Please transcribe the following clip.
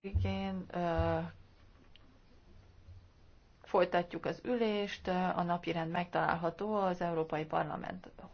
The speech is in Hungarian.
végén folytatjuk az ülést, a napirend megtalálható az Európai Parlament